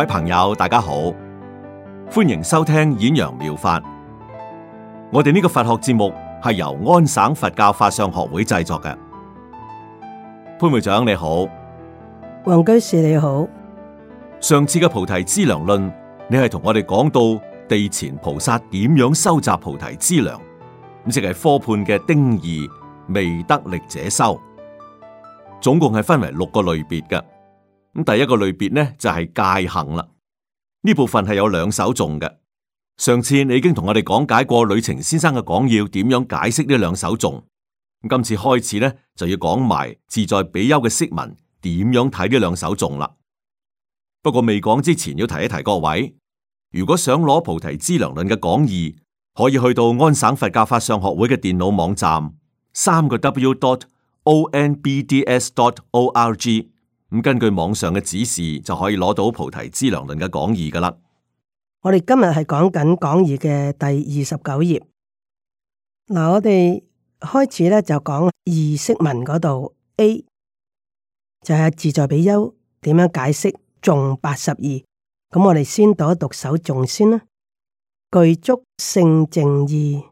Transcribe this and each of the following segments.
各位朋友，大家好，歡迎收聽演揚妙，妙法。我哋呢個佛學節目係由安省佛教法相學會製作嘅。潘會長你好，黃居士你好。上次嘅菩提資糧論，你係同我哋講到地前菩薩點樣收集菩提資糧，咁即係科判嘅丁二未得力者修，總共係分為六個類別嘅。咁第一個類別呢就係、是、戒行啦，呢部分係有兩首頌嘅。上次你已經同我哋講解過呂澂先生嘅講要點樣解釋呢兩首頌，今次開始呢就要講埋自在比丘嘅釋文點樣睇呢兩首頌啦。不過未講之前要提一提各位，如果想攞菩提資糧論嘅講義，可以去到安省佛教法,法相學會嘅電腦網站，三個 w.dot.onbds.dot.org。咁根據網上嘅指示，就可以攞到菩提資糧論嘅講，講義噶啦。我哋今日係講緊講義嘅第二十九頁。嗱，我哋開始咧就講二釋文嗰度 A 就係自在比丘點樣解釋頌八十二。咁我哋先讀一讀首頌先啦。具足聖正意，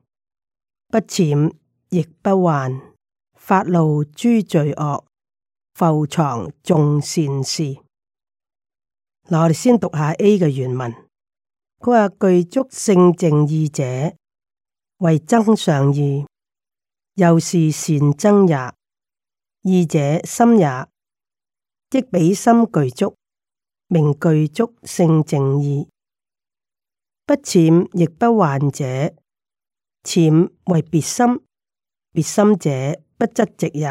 不諂亦不還，發露諸罪惡，浮藏重善事，嗱，我哋先讀下 A 嘅原文。佢話，具足性正意者為真上意，又是善真也。意者心也，即彼心具足，名具足性正意。不淺亦不幻者，淺為別心，別心者不質直也。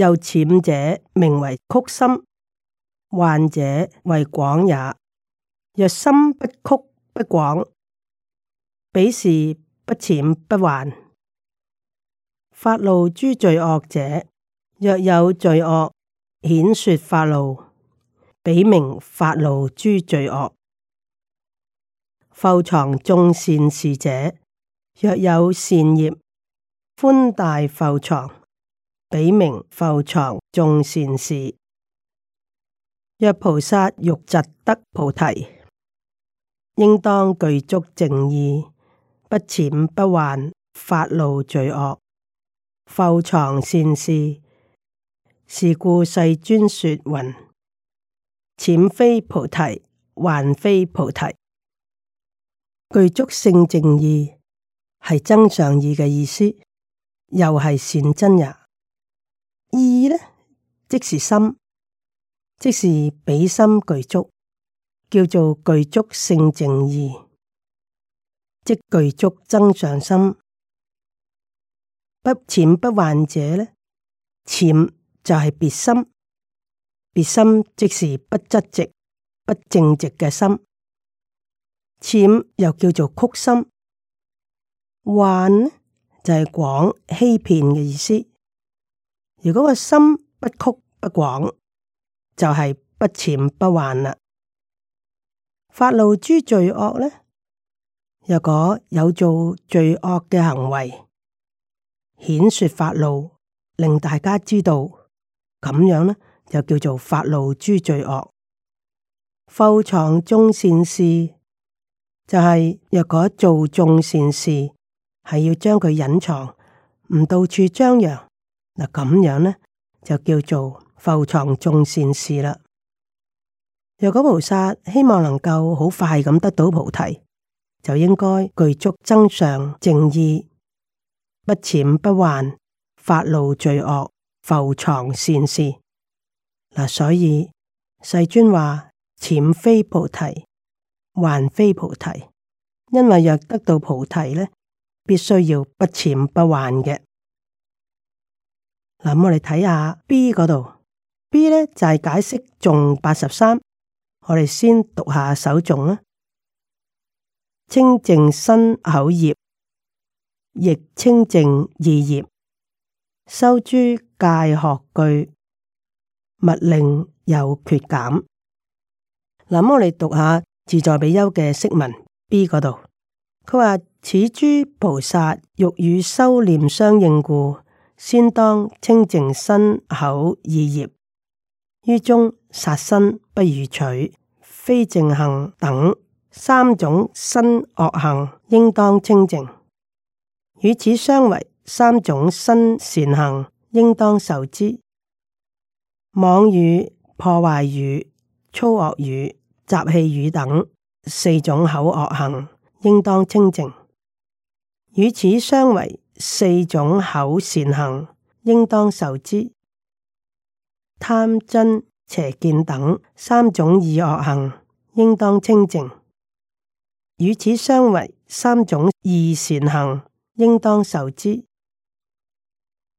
有淺者，名為曲心；患者為廣也。若心不曲不廣，彼是不淺不患。法怒諸罪惡者，若有罪惡，顯說法怒，彼名法怒諸罪惡。浮藏眾善事者，若有善業，寬大浮藏。俾名浮藏眾善事，若菩薩欲疾得菩提，應當具足正義，不淺不幻，發露罪惡，浮藏善事。是故世尊說云：淺非菩提，幻非菩提。具足性正義，係增上義嘅意思，又係善真也。即是心，即是比心具足，叫做具足性正義。即具足增上心，不淺不患者呢？淺就係別心，別心即是不質直、不正直嘅心。淺又叫做曲心，幻呢就係、是、廣欺騙嘅意思。如果個心不曲。不廣就係、是、不淺不幻啦。發露諸罪惡咧，若果有做罪惡嘅行為，顯說發露，令大家知道，咁樣咧就叫做發露諸罪惡。覆藏眾善事就係、是、若果做眾善事，係要將佢隱藏，唔到處張揚，嗱咁樣咧就叫做。浮藏眾善事啦。若果菩薩希望能夠好快咁得到菩提，就應該具足增上正意，不諂不幻，發露罪惡，浮藏善事。嗱、啊，所以世尊話：諂非菩提，幻非菩提。因為若得到菩提呢，必須要不諂不幻嘅。嗱、啊，我哋睇下 B 嗰度。B 呢就係、是、解釋頌八十三，我哋先讀下首頌啦。清淨身口業，亦清淨意業。修諸戒學句，勿令有缺減。嗱、嗯，我哋讀下自在比丘嘅釋文 B 嗰度，佢話：此諸菩薩欲與修念相應故，先當清淨身口意業。於中殺生不與取，非正行等三種身惡行，應當清淨；與此相違，三種身善行，應當受之。妄語、破壞語、粗惡語、雜綺語等四種口惡行，應當清淨；與此相違，四種口善行，應當受之。貪真邪見等三種意惡行，應當清淨；與此相違三種意善行，應當受之。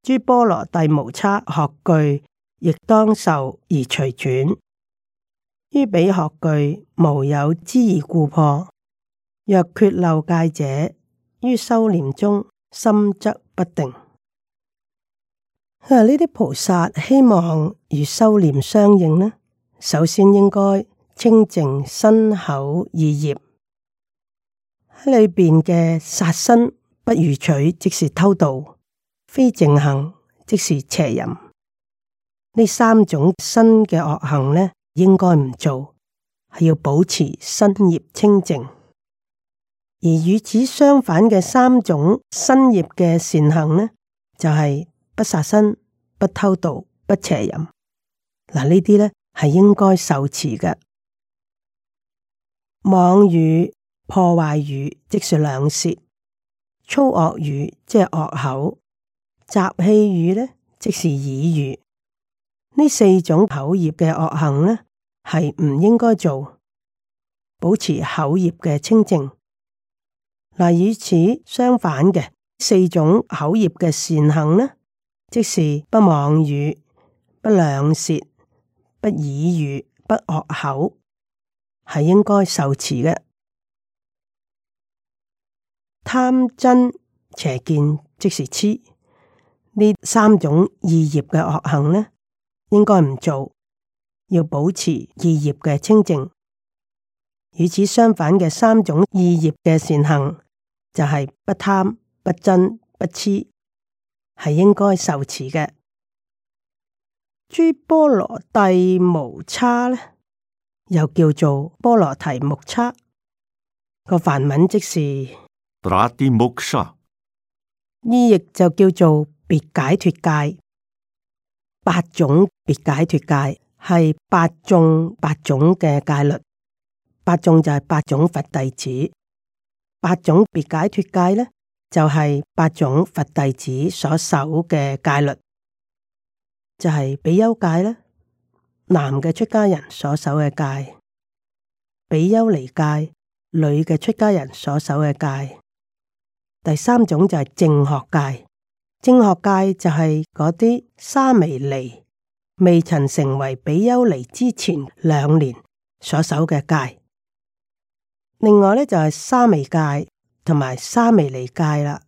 諸波羅提木叉學具，亦當受而隨轉。於彼學具無有知而故破。若缺漏戒者，於修念中心則不定。呢啲、啊、菩薩希望與修練相應呢，首先應該清淨身口意業。喺裏邊嘅殺生不與取，即是偷盜；非正行，即是邪淫。呢三種身嘅惡行呢，應該唔做，係要保持身業清淨。而與此相反嘅三種身業嘅善行呢，就係、是。不殺生、不偷盜、不邪淫，嗱呢啲咧係應該受持嘅。妄語、破壞語，即是兩舌；粗惡語，即係惡口；雜氣語咧，即是綺語。呢四種口業嘅惡行咧，係唔應該做。保持口業嘅清淨。嗱、呃，與此相反嘅四種口業嘅善行呢，即是不妄語、不兩舌、不綺語、不惡口，係應該受持嘅。貪真邪見，即是痴。呢三種意業嘅惡行呢，應該唔做，要保持意業嘅清淨。與此相反嘅三種意業嘅善行，就係、是、不貪、不真、不痴。係應該受持嘅。諸波羅提木叉咧，又叫做波羅提木叉。個梵文即是呢亦就叫做別解脱戒。八種別解脱戒係八種八種嘅戒律。八種就係八種佛弟子。八種別解脱戒咧。就係八種佛弟子所守嘅戒律，就係比丘戒啦。男嘅出家人所守嘅戒，比丘尼戒；女嘅出家人所守嘅戒。第三種就係正學戒，正學戒就係嗰啲沙彌尼未曾成為比丘尼之前兩年所守嘅戒。另外呢，就係沙彌戒。同埋沙彌尼戒啦，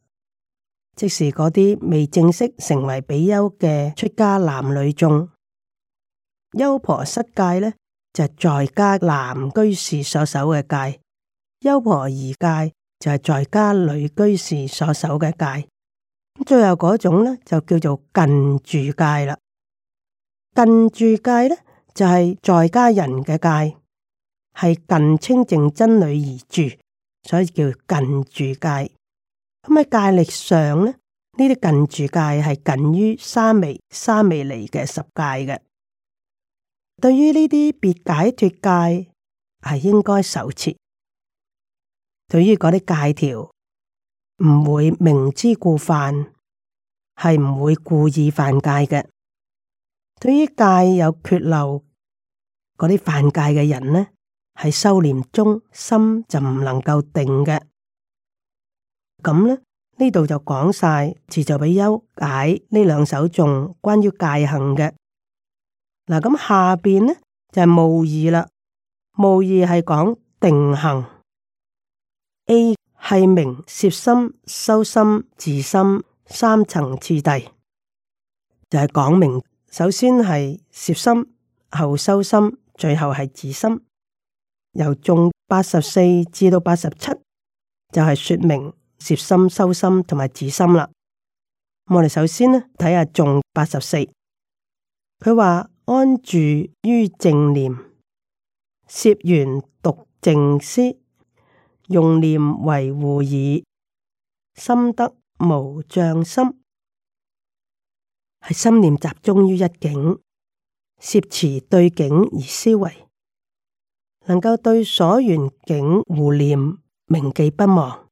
即是嗰啲未正式成為比丘嘅出家男女眾。優婆塞戒呢，就係、是、在家男居士所守嘅戒；優婆夷戒就係在家女居士所守嘅戒。最後嗰種呢，就叫做近住戒啦。近住戒呢，就係、是、在家人嘅戒，係近清淨真女而住。所以叫近住戒，咁喺戒力上咧，呢啲近住戒係近於沙彌、沙彌尼嘅十戒嘅。對於呢啲別解脫戒係應該守持，對於嗰啲戒條唔會明知故犯，係唔會故意犯戒嘅。對於戒有缺漏嗰啲犯戒嘅人咧。係修練中，心就唔能夠定嘅咁咧。呢度就講晒自在比丘解呢兩首仲關於戒行嘅嗱。咁下邊呢就係無疑啦。無疑係講定行 A 係明攝心、修心、自心三層次第，就係、是、講明。首先係攝心，後修心，最後係自心。由頌八十四至到八十七，就係說明攝心、修心同埋止心啦。我哋首先呢，睇下頌八十四，佢話安住於正念，攝緣獨靜思，用念為護耳，心得無障心，係心念集中於一境，攝持對境而思維。能夠對所緣境互念、銘記不忘，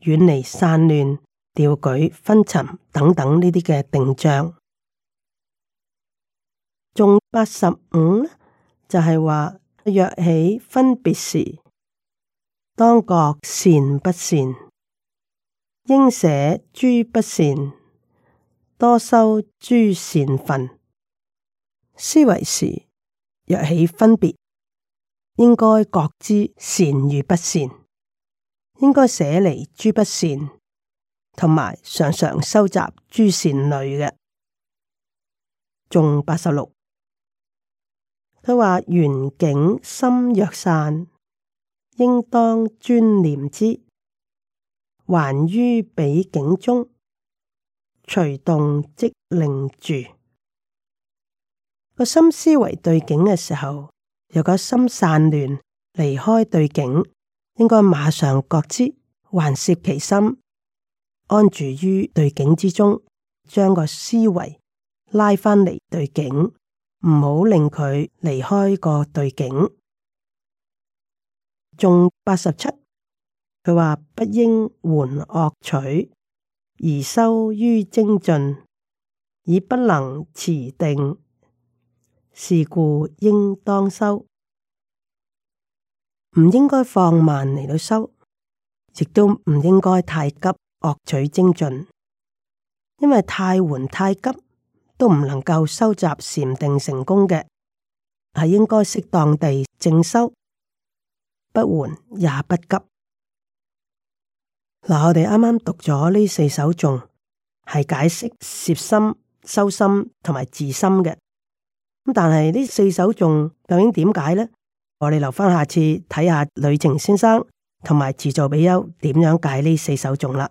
遠離散亂、掉舉、昏沉等等呢啲嘅定像。仲八十五就係、是、話，若起分別時，當覺善不善，應捨諸不善，多修諸善分。思維時，若起分別。應該覺知善與不善，應該捨離諸不善，同埋常常收集諸善類嘅，仲八十六。佢話：緣境心若散，應當專念之，還於彼境中，隨動即令住。個心思維對境嘅時候。若果心散亂離開對境，應該馬上覺知，還攝其心，安住於對境之中，將個思維拉返嚟對境，唔好令佢離開個對境。仲八十七，佢話不應緩惡取而修於精進，以不能持定。是故應當收，唔應該放慢嚟，到收，亦都唔應該太急惡取精進，因為太緩太急都唔能夠收集禪定成功嘅，係應該適當地正收，不緩也不急。嗱，我哋啱啱讀咗呢四首頌，係解釋攝心、收心同埋治心嘅。咁但係呢四首頌究竟點解呢？我哋留翻下次睇下呂澄先生同埋自在比丘點樣解呢四首頌啦。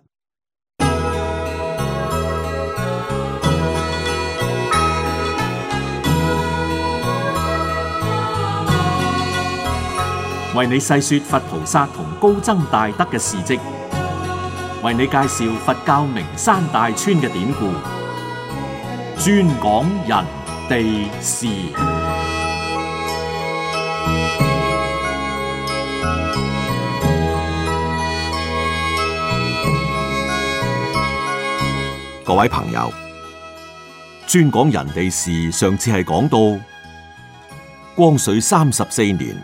為你細說佛菩薩同高僧大德嘅事跡，為你介紹佛教名山大川嘅典故，專講人。地事， 各位朋友，專講人地事。上次係講到光緒三十四年，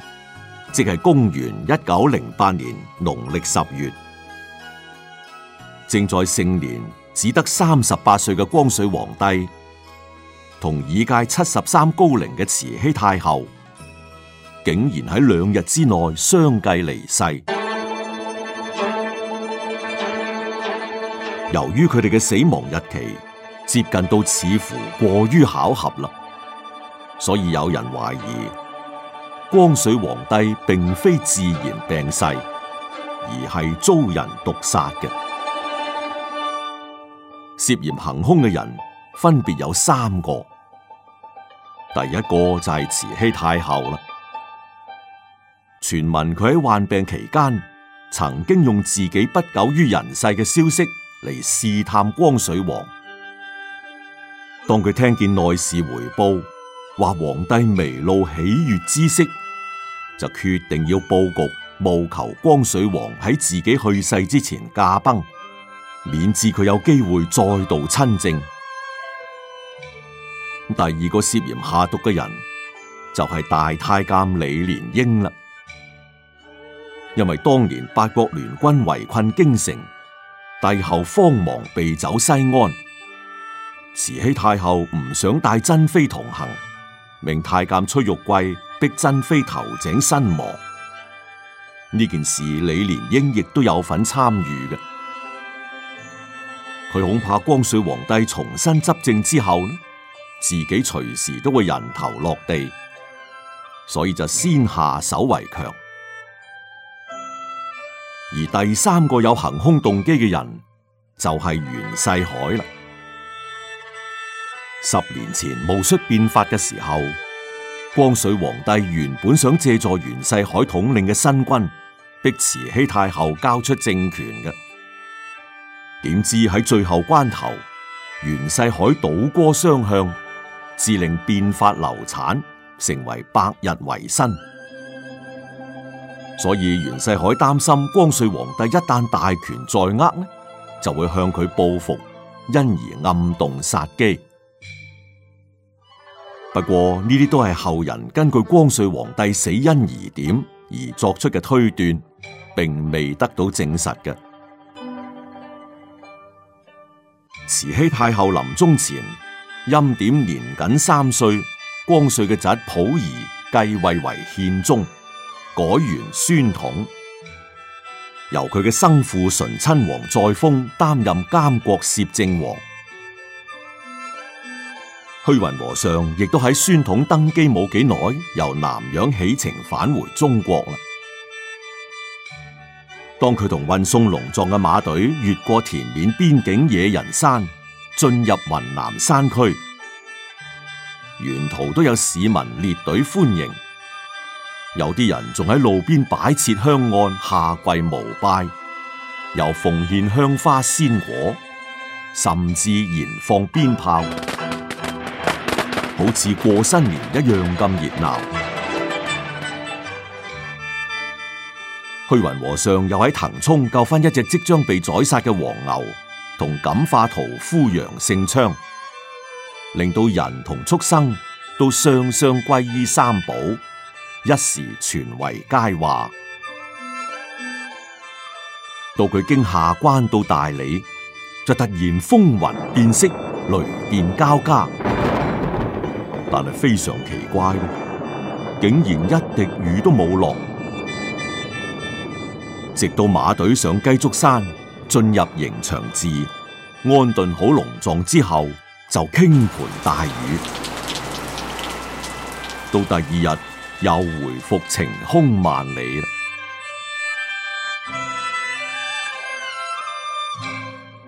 即係公元一九零八年農曆十月，正在盛年，只得三十八歲嘅光緒皇帝。同已屆七十三高齡嘅慈禧太后，竟然喺兩日之內相繼離世。由於佢哋嘅死亡日期接近到，似乎過於巧合啦，所以有人懷疑光緒皇帝並非自然病逝，而係遭人毒殺嘅。涉嫌行兇嘅人分別有三個。第一個就係慈禧太后啦，傳聞佢喺患病期間，曾經用自己不久於人世嘅消息嚟試探光緒皇。當佢聽見內侍回報，話皇帝微露喜悅之色，就決定要布局，務求光緒皇喺自己去世之前駕崩，免至佢有機會再度親政。第二個涉嫌下毒嘅人就係大太監李蓮英啦，因為當年八國聯軍圍困京城，帝后慌忙避走西安，慈禧太后唔想帶珍妃同行，命太監崔玉貴逼珍妃投井身亡，呢件事李蓮英亦都有份參與嘅，佢恐怕光緒皇帝重新執政之後自己隨時都會人頭落地，所以就先下手為強。而第三個有行凶動機嘅人就係、是、袁世凱啦。十年前戊戌變法嘅時候，光緒皇帝原本想借助袁世凱統領嘅新軍逼慈禧太后交出政權嘅，點知喺最後關頭，袁世凱倒戈相向。致令變法流產，成為百日維新。所以袁世凱擔心光緒皇帝一旦大權在握呢，就會向佢報復，因而暗動殺機。不過呢啲都係後人根據光緒皇帝死因疑點而作出嘅推斷，並未得到證實嘅。慈禧太后臨終前。欽點年僅三歲光緒嘅侄溥儀繼位為憲宗，改元宣統，由佢嘅生父醇親王載灃擔任監國攝政王。虛雲和尚亦都喺宣統登基冇幾耐，由南洋起程返回中國啦。當佢同運送龍藏嘅馬隊越過滇緬邊境野人山，進入雲南山區，沿途都有市民列隊歡迎，有啲人仲喺路邊擺設香案下跪膜拜，又奉獻香花鮮果，甚至燃放鞭炮，好似過新年一樣咁熱鬧。虛 雲和尚又喺騰衝救翻一隻即將被宰殺嘅黃牛。同感化屠夫揚盛昌，令到人同畜生都雙雙皈依三寶，一時傳為佳話。到佢經下關到大理，就突然風雲變色，雷電交加，但係非常奇怪，竟然一滴雨都冇落。直到馬隊上雞足山。進入迎祥寺安頓好龍藏之後，就傾盆大雨，到第二日又回復晴空萬里。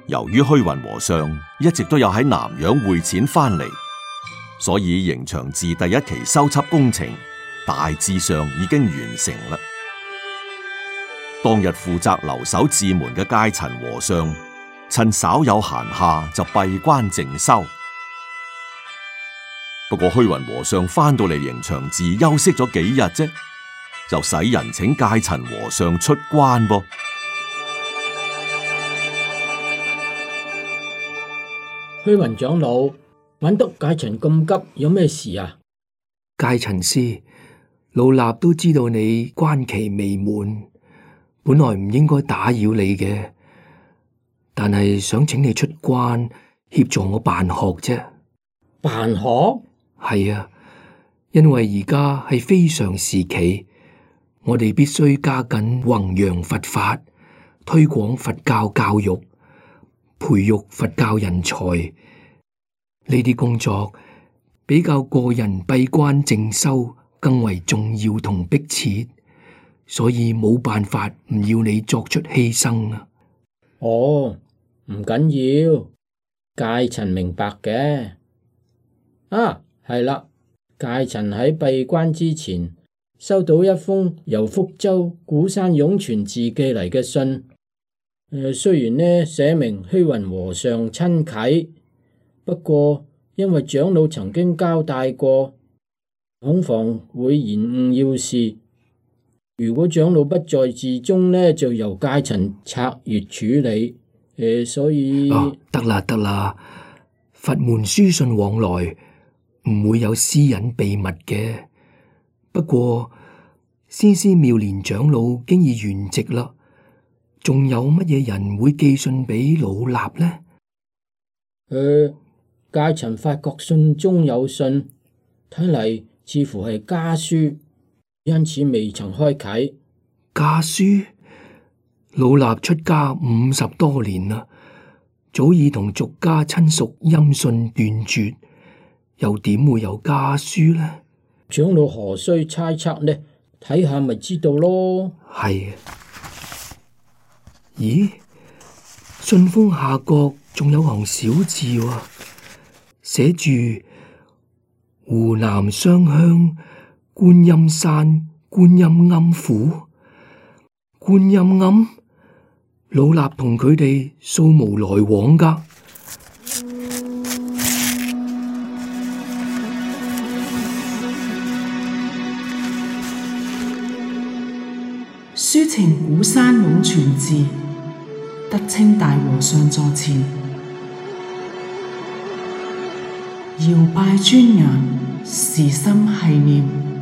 由於虛雲和尚一直都有喺南洋匯錢翻嚟，所以迎祥寺第一期修葺工程大致上已經完成啦。當日負責留守寺門嘅戒塵和尚，趁稍有閒暇就閉關靜修。不過虛雲和尚翻到嚟迎祥寺，休息咗幾日啫，就使人請戒塵和尚出關。噃，虛雲長老，搵得戒塵咁急，有咩事啊？戒塵師，老衲都知道你關期未滿。本來唔應該打擾你嘅，但係想請你出關協助我辦學啫。辦學？係啊，因為而家係非常時期，我哋必須加緊弘揚佛法，推廣佛教教育，培育佛教人才。呢啲工作比較個人閉關靜修更為重要同迫切。所以冇辦法唔要你作出犧牲啊！哦，唔緊要，戒塵明白嘅啊，係啦。戒塵喺閉關之前收到一封由福州鼓山湧泉寺寄嚟嘅信。誒、呃，雖然呢寫明虛雲和尚親啟，不過因為長老曾經交代過，恐防會延誤要事。如果長老不在寺中呢，就由戒塵拆閱處理。誒、呃，所以得啦得啦，佛門書信往來唔會有私隱秘密嘅。不過，先師妙蓮長老已經已圓寂啦，仲有乜嘢人會寄信俾老衲呢？誒、呃，戒塵發覺信中有信，睇嚟似乎係家書。因此未曾開啟家書。老衲出家五十多年啦，早已同俗家親屬音信斷絕，又點會有家書呢？長老何須猜測呢？睇下咪知道咯。係、啊。咦？信封下角仲有行小字喎，啊，寫住湖南湘鄉。觀音山，觀音庵府，觀音庵，老衲同佢哋素無來往噶。書呈鼓山湧泉寺，德清大和尚座前，遙拜尊顏，時心繫念。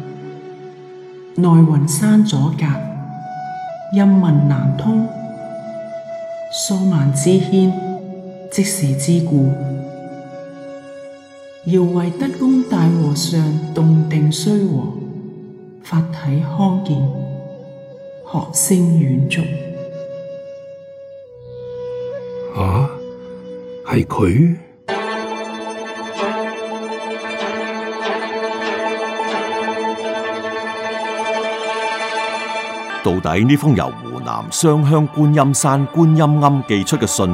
內雲山阻隔，音問難通，數萬之愆，即是之故。要慧德公大和尚，動定綏和，法體康健，學聲遠著。啊，係佢。到底呢封由湖南湘鄉觀音山觀音庵寄出嘅信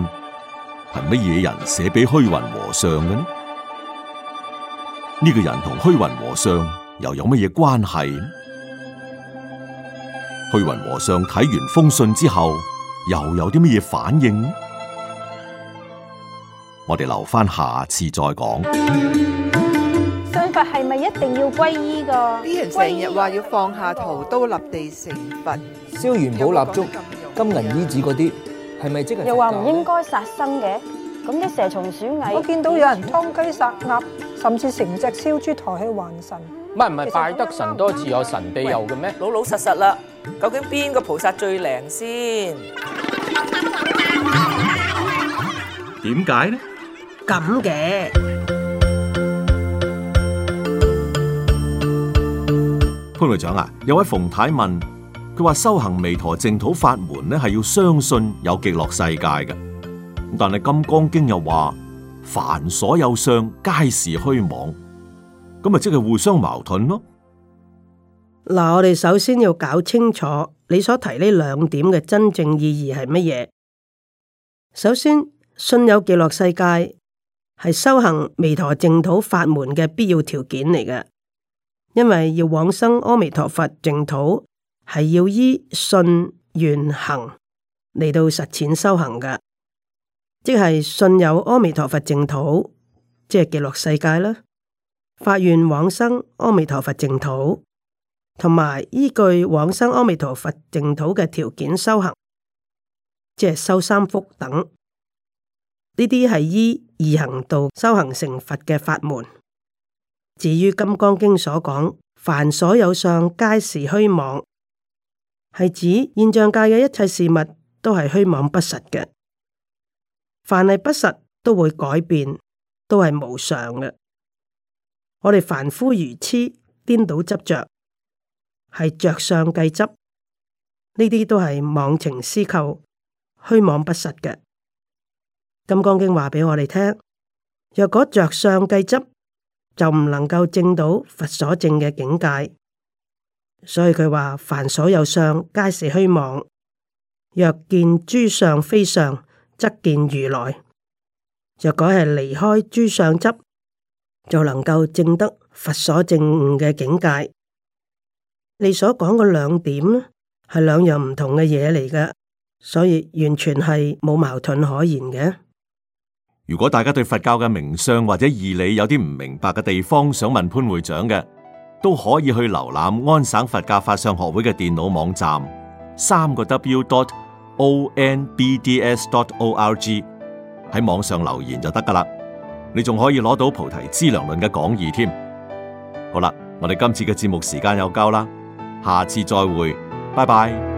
係乜嘢人寫俾虛雲和尚嘅呢？呢、呢個人同虛雲和尚又有乜嘢關係？虛雲和尚睇完封信之後又有啲乜嘢反應？我哋留翻下，下次再講。係咪一定要皈依㗎？啲人成日話要放下屠刀立地成佛，燒元寶蠟燭、金銀衣紙嗰啲，係咪即係？又話唔應該殺生嘅，咁啲蛇蟲鼠蟻，我見到有人劏雞殺鴨，甚至成隻燒豬抬去還神。唔係唔係，拜得神多自有神庇佑嘅咩？老老實實啦，究竟邊個菩薩最靈先？點解呢？咁嘅。長啊，有位馮太問佢話：修行彌陀淨土法門咧，係要相信有極樂世界嘅。但係《金剛經》又話：凡所有相，皆是虛妄。咁咪即係互相矛盾咯。嗱，我哋首先要搞清楚你所提呢兩點嘅真正意義係乜嘢。首先，信有極樂世界係修行彌陀淨土法門嘅必要條件嚟嘅。因為要往生阿彌陀佛淨土，係要依信願行嚟到實踐修行㗎，即係信有阿彌陀佛淨土，即係極樂世界啦。發願往生阿彌陀佛淨土，同埋依據往生阿彌陀佛淨土嘅條件修行，即係修三福等，呢啲係依二行道修行成佛嘅法門。至於《金剛經》所講，凡所有相，皆是虛妄，係指現象界嘅一切事物都係虛妄不實嘅。凡係不實，都會改變，都係無常嘅。我哋凡夫愚痴，顛倒執着，係着相計執，呢啲都係妄情思構，虛妄不實嘅。《金剛經》話畀我哋聽，若果着相計執。就唔能夠證到佛所證嘅境界，所以佢話，凡所有相，皆是虛妄。若見諸相非相，則見如來。若果係離開諸相執，就能夠證得佛所證悟嘅境界。你所講嘅兩點，係兩樣唔同嘅嘢嚟㗎，所以完全係冇矛盾可言嘅。如果大家對佛教嘅名相或者義理有啲唔明白嘅地方，想問潘會長嘅，都可以去瀏覽安省佛教法相學會嘅電腦網站，三個 W dot O N B D S dot O R G，喺網上留言就得噶啦。你仲可以攞到菩提資糧論嘅講義添。好啦，我哋今次嘅節目時間有夠啦，下次再會，拜拜。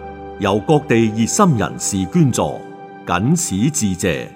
由各地熱心人士捐助，謹此致謝。